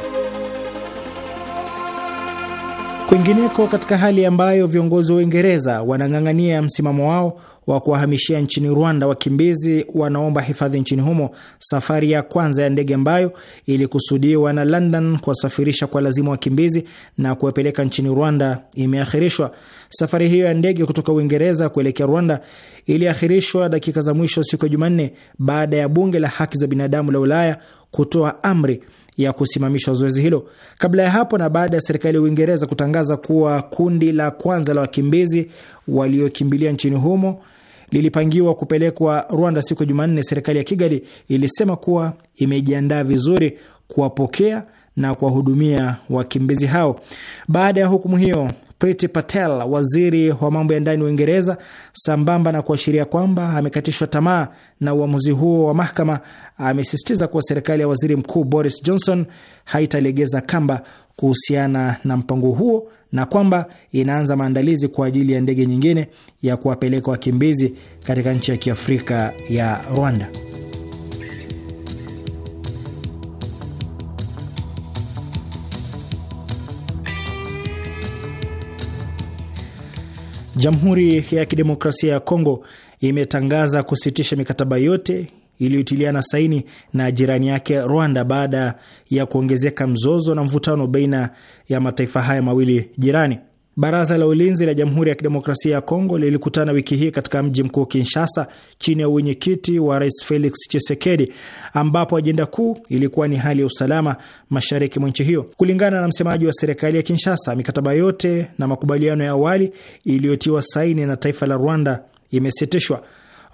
Kwingineko, katika hali ambayo viongozi wa Uingereza wanang'ang'ania msimamo wao wa kuwahamishia nchini Rwanda wakimbizi wanaomba hifadhi nchini humo, safari ya kwanza ya ndege ambayo ilikusudiwa na London kuwasafirisha kwa lazima wakimbizi na kuwapeleka nchini Rwanda imeahirishwa. Safari hiyo ya ndege kutoka Uingereza kuelekea Rwanda iliahirishwa dakika za mwisho siku ya Jumanne baada ya bunge la haki za binadamu la Ulaya kutoa amri ya kusimamisha zoezi hilo. Kabla ya hapo na baada ya serikali ya Uingereza kutangaza kuwa kundi la kwanza la wakimbizi waliokimbilia nchini humo lilipangiwa kupelekwa Rwanda siku ya Jumanne, serikali ya Kigali ilisema kuwa imejiandaa vizuri kuwapokea na kuwahudumia wakimbizi hao. Baada ya hukumu hiyo, Priti Patel, waziri wa mambo ya ndani wa Uingereza, sambamba na kuashiria kwamba amekatishwa tamaa na uamuzi huo wa mahakama, amesisitiza kuwa serikali ya waziri mkuu Boris Johnson haitalegeza kamba kuhusiana na mpango huo na kwamba inaanza maandalizi kwa ajili ya ndege nyingine ya kuwapeleka wakimbizi katika nchi ya kiafrika ya Rwanda. Jamhuri ya Kidemokrasia ya Kongo imetangaza kusitisha mikataba yote iliyotiliana saini na jirani yake Rwanda baada ya kuongezeka mzozo na mvutano baina ya mataifa haya mawili jirani. Baraza la Ulinzi la Jamhuri ya Kidemokrasia ya Kongo lilikutana wiki hii katika mji mkuu Kinshasa, chini ya uwenyekiti wa Rais Felix Tshisekedi, ambapo ajenda kuu ilikuwa ni hali ya usalama mashariki mwa nchi hiyo. Kulingana na msemaji wa serikali ya Kinshasa, mikataba yote na makubaliano ya awali iliyotiwa saini na taifa la Rwanda imesitishwa.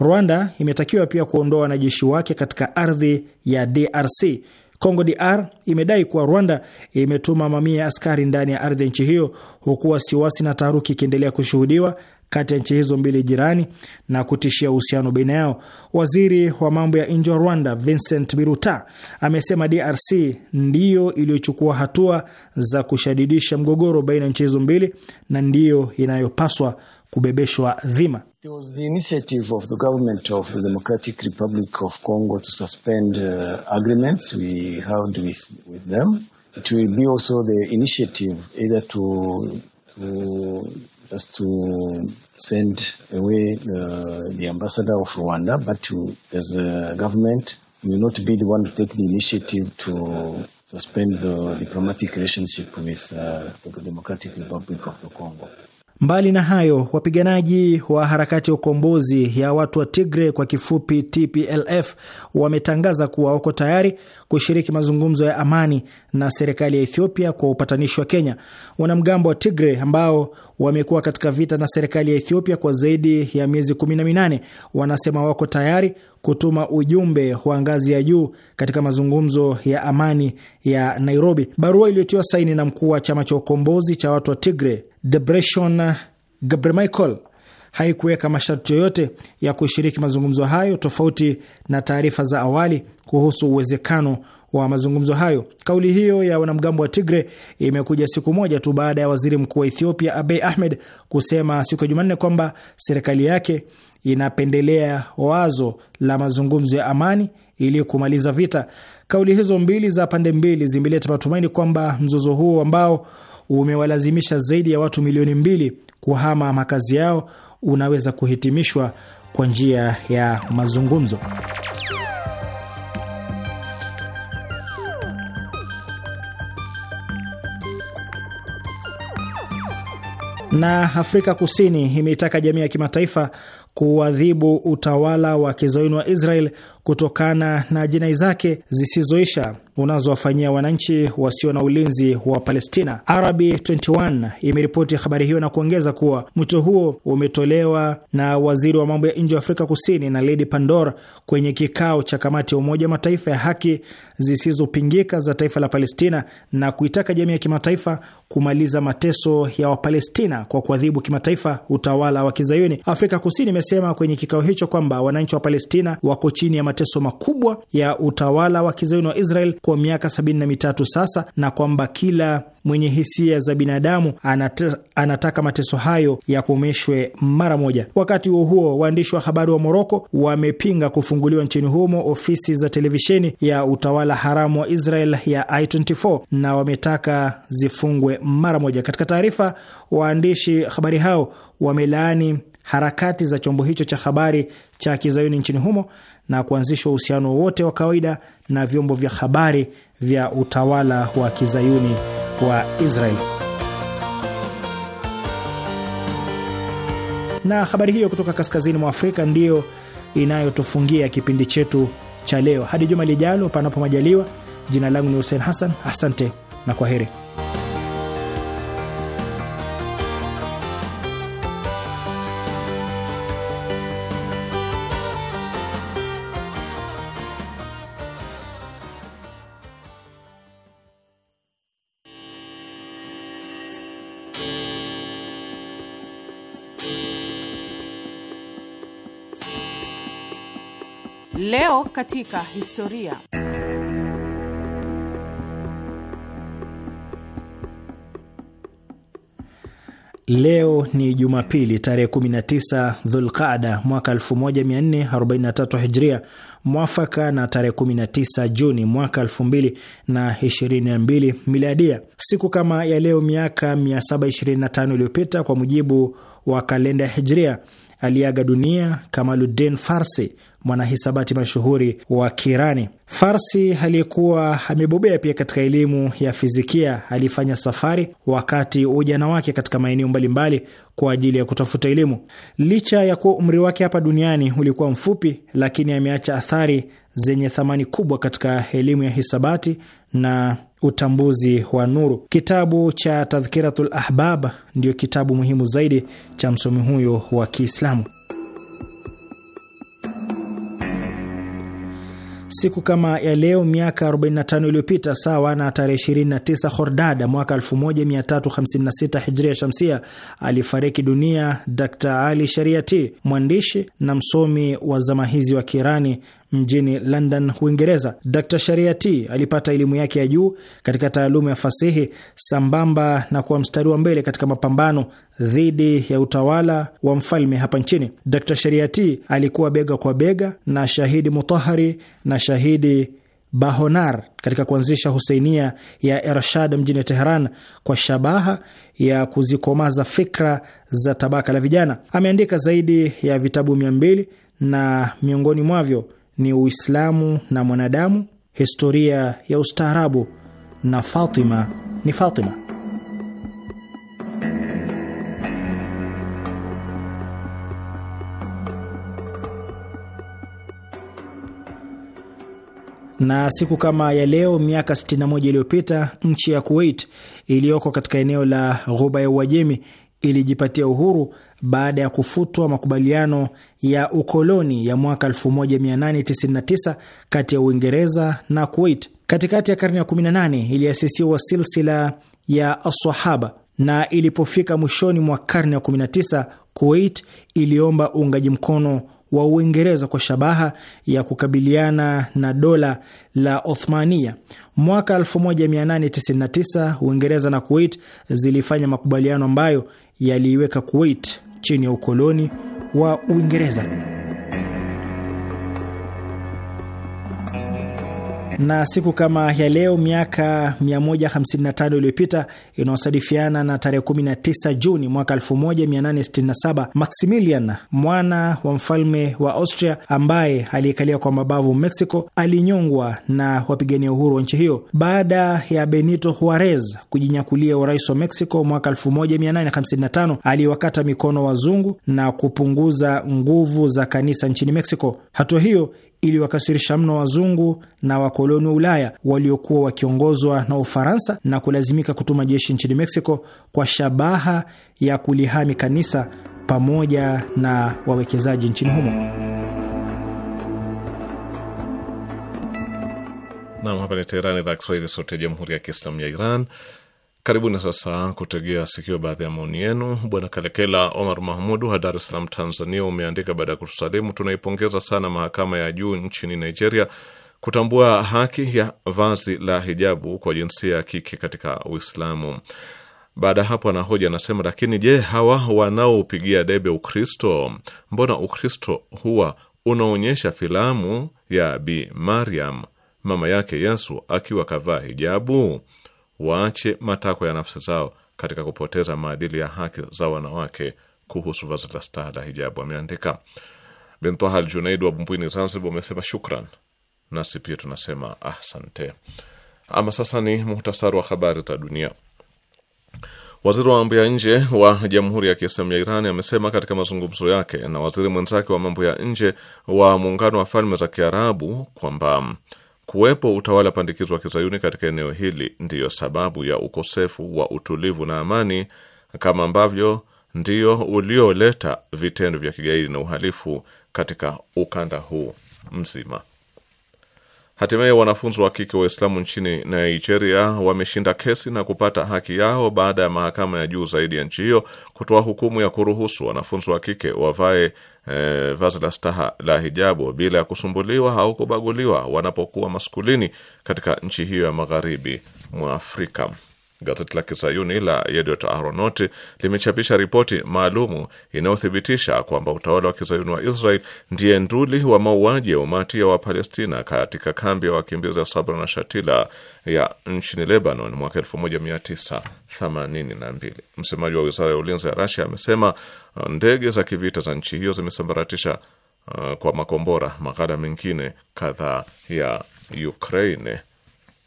Rwanda imetakiwa pia kuondoa wanajeshi wake katika ardhi ya DRC. Congo DR imedai kuwa Rwanda imetuma mamia ya askari ndani ya ardhi ya nchi hiyo, huku wasiwasi na taharuki ikiendelea kushuhudiwa kati ya nchi hizo mbili jirani na kutishia uhusiano baina yao. Waziri wa mambo ya nje wa Rwanda Vincent Biruta amesema DRC ndiyo iliyochukua hatua za kushadidisha mgogoro baina ya nchi hizo mbili na ndiyo inayopaswa kubebeshwa dhima. it was the initiative of the government of the Democratic Republic of Congo to suspend uh, agreements we had with, with them. It will be also the initiative either to, to just to send away the, uh, the ambassador of Rwanda, but to, as a government, will not be the one to take the initiative to suspend the diplomatic relationship with uh, the Democratic Republic of the Congo. Mbali na hayo, wapiganaji wa harakati ya ukombozi ya watu wa Tigre kwa kifupi TPLF wametangaza kuwa wako tayari kushiriki mazungumzo ya amani na serikali ya Ethiopia kwa upatanishi wa Kenya. Wanamgambo wa Tigre ambao wamekuwa katika vita na serikali ya Ethiopia kwa zaidi ya miezi kumi na minane wanasema wako tayari kutuma ujumbe wa ngazi ya juu katika mazungumzo ya amani ya Nairobi. Barua iliyotiwa saini na mkuu wa chama cha ukombozi cha watu wa Tigre, Debreshon Gebremichael haikuweka masharti yoyote ya kushiriki mazungumzo hayo, tofauti na taarifa za awali kuhusu uwezekano wa mazungumzo hayo. Kauli hiyo ya wanamgambo wa Tigre imekuja siku moja tu baada ya waziri mkuu wa Ethiopia Abiy Ahmed kusema siku ya Jumanne kwamba serikali yake inapendelea wazo la mazungumzo ya amani ili kumaliza vita. Kauli hizo mbili za pande mbili zimeleta matumaini kwamba mzozo huo ambao umewalazimisha zaidi ya watu milioni mbili kuhama makazi yao unaweza kuhitimishwa kwa njia ya mazungumzo. Na Afrika Kusini imeitaka jamii ya kimataifa kuadhibu utawala wa kizayuni wa Israel kutokana na jinai zake zisizoisha unazowafanyia wananchi wasio na ulinzi wa Palestina. Arabi 21 imeripoti habari hiyo na kuongeza kuwa mwito huo umetolewa na waziri wa mambo ya nje wa Afrika Kusini na Lady Pandor kwenye kikao cha kamati ya Umoja Mataifa ya haki zisizopingika za taifa la Palestina na kuitaka jamii ya kimataifa kumaliza mateso ya Wapalestina kwa kuadhibu kimataifa utawala wa Kizayuni. Afrika Kusini imesema kwenye kikao hicho kwamba wananchi wa Palestina wako chini ya mateso makubwa ya utawala wa Kizayuni wa Israel kwa miaka mitatu sasa, na kwamba kila mwenye hisia za binadamu anata, anataka mateso hayo yakomeshwe mara moja. Wakati huo huo, waandishi wa habari wa Moroko wamepinga kufunguliwa nchini humo ofisi za televisheni ya utawala haramu wa Israel ya I24 na wametaka zifungwe mara moja. Katika taarifa, waandishi habari hao wamelaani harakati za chombo hicho cha habari cha kizayuni nchini humo na kuanzisha uhusiano wote wa kawaida na vyombo vya habari vya utawala wa kizayuni wa Israel. Na habari hiyo kutoka kaskazini mwa Afrika ndiyo inayotufungia kipindi chetu cha leo. Hadi juma lijalo, panapo majaliwa. Jina langu ni Hussein Hassan, asante na kwa heri. katika historia. Leo ni Jumapili tarehe 19 Dhulqada mwaka 1443 Hijria, mwafaka na tarehe 19 Juni mwaka 2022 Miladia. Siku kama ya leo miaka 725 iliyopita, kwa mujibu wa kalenda ya Hijria, aliaga dunia Kamaluddin Farsi, mwanahisabati mashuhuri wa Kirani. Farsi aliyekuwa amebobea pia katika elimu ya fizikia alifanya safari wakati wa ujana wake katika maeneo mbalimbali kwa ajili ya kutafuta elimu. Licha ya kuwa umri wake hapa duniani ulikuwa mfupi, lakini ameacha athari zenye thamani kubwa katika elimu ya hisabati na utambuzi wa nuru. Kitabu cha Tadhkiratul Ahbab ndiyo kitabu muhimu zaidi cha msomi huyo wa Kiislamu. Siku kama ya leo miaka 45 iliyopita, sawa na tarehe 29 Khordada mwaka 1356 Hijria Shamsia, alifariki dunia Dr Ali Shariati, mwandishi na msomi wa zama hizi wa Kirani mjini London, Uingereza. Dr Shariati alipata elimu yake ya juu katika taaluma ya fasihi sambamba na kuwa mstari wa mbele katika mapambano dhidi ya utawala wa mfalme hapa nchini. Dr Shariati alikuwa bega kwa bega na Shahidi Mutahari na Shahidi Bahonar katika kuanzisha Husainia ya Ershad mjini Teheran kwa shabaha ya kuzikomaza fikra za tabaka la vijana. Ameandika zaidi ya vitabu mia mbili na miongoni mwavyo ni Uislamu na mwanadamu, historia ya ustaarabu na Fatima ni Fatima. Na siku kama ya leo miaka 61 iliyopita nchi ya Kuwait iliyoko katika eneo la Ghuba ya Uajemi ilijipatia uhuru baada ya kufutwa makubaliano ya ukoloni ya mwaka 1899 kati ya Uingereza na Kuwait. Katikati ya karne ya 18 iliasisiwa silsila ya Aswahaba, na ilipofika mwishoni mwa karne ya 19 Kuwait iliomba uungaji mkono wa Uingereza kwa shabaha ya kukabiliana na dola la Othmania. Mwaka 1899 Uingereza na Kuwait zilifanya makubaliano ambayo yaliiweka Kuwait chini ya ukoloni wa Uingereza. na siku kama ya leo miaka 155 iliyopita inaosadifiana na tarehe 19 Juni mwaka 1867, Maximilian mwana wa mfalme wa Austria ambaye aliyekalia kwa mabavu Mexico alinyongwa na wapigania uhuru wa nchi hiyo baada ya Benito Juarez kujinyakulia urais wa Mexico mwaka 1855. Aliwakata mikono wazungu na kupunguza nguvu za kanisa nchini Mexico. Hatua hiyo iliwakasirisha mno wazungu na wakoloni wa Ulaya waliokuwa wakiongozwa na Ufaransa na kulazimika kutuma jeshi nchini Mexico kwa shabaha ya kulihami kanisa pamoja na wawekezaji nchini humo. Nam, hapa ni Teherani, idhaa Kiswahili, sauti ya jamhuri ya kiislamu ya Iran. Karibuni sasa kutegea sikio baadhi ya maoni yenu. Bwana Kalekela Omar Mahmudu wa Dar es Salaam, Tanzania, umeandika baada ya kutusalimu, tunaipongeza sana mahakama ya juu nchini Nigeria kutambua haki ya vazi la hijabu kwa jinsia ya kike katika Uislamu. Baada ya hapo, anahoja anasema, lakini je, hawa wanaopigia debe Ukristo, mbona Ukristo huwa unaonyesha filamu ya Bi Mariam mama yake Yesu akiwa kavaa hijabu? waache matakwa ya nafsi zao katika kupoteza maadili ya haki za wanawake kuhusu vazi la staha la hijabu, ameandika. Bintaha Al Junaid wa Bumbwini, Zanzibar, umesema shukran, nasi pia tunasema asante Ama sasa ni muhtasari wa habari za dunia. Waziri wa mambo ya nje wa Jamhuri ya Kiislamu ya Iran amesema katika mazungumzo yake na waziri mwenzake wa mambo ya nje wa Muungano wa Falme za Kiarabu kwamba Kuwepo utawala pandikizo wa kizayuni katika eneo hili ndiyo sababu ya ukosefu wa utulivu na amani, kama ambavyo ndiyo ulioleta vitendo vya kigaidi na uhalifu katika ukanda huu mzima. Hatimaye wanafunzi wa kike Waislamu nchini Nigeria wameshinda kesi na kupata haki yao baada ya mahakama ya juu zaidi ya nchi hiyo kutoa hukumu ya kuruhusu wanafunzi wa kike wavae e, vazi la staha la hijabu bila ya kusumbuliwa au kubaguliwa wanapokuwa maskulini katika nchi hiyo ya magharibi mwa Afrika. Gazeti la Kizayuni la Yediot Aharonot limechapisha ripoti maalumu inayothibitisha kwamba utawala wa Kizayuni wa Israel ndiye nduli wa mauaji ya umati ya Wapalestina katika kambi ya wakimbizi ya Sabra na Shatila ya nchini Lebanon mwaka 1982. Msemaji wa wizara ya ulinzi ya Rasia amesema uh, ndege za kivita za nchi hiyo zimesambaratisha uh, kwa makombora maghala mengine kadhaa ya Ukraine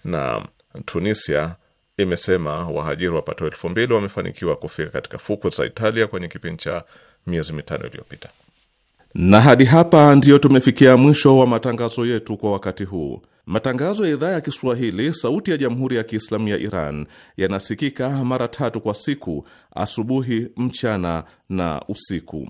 na Tunisia imesema wahajiri wapatao elfu mbili wamefanikiwa kufika katika fukwe za Italia kwenye kipindi cha miezi mitano iliyopita. Na hadi hapa ndiyo tumefikia mwisho wa matangazo yetu kwa wakati huu. Matangazo ya idhaa ya Kiswahili sauti ya jamhuri ya Kiislamu ya Iran yanasikika mara tatu kwa siku: asubuhi, mchana na usiku.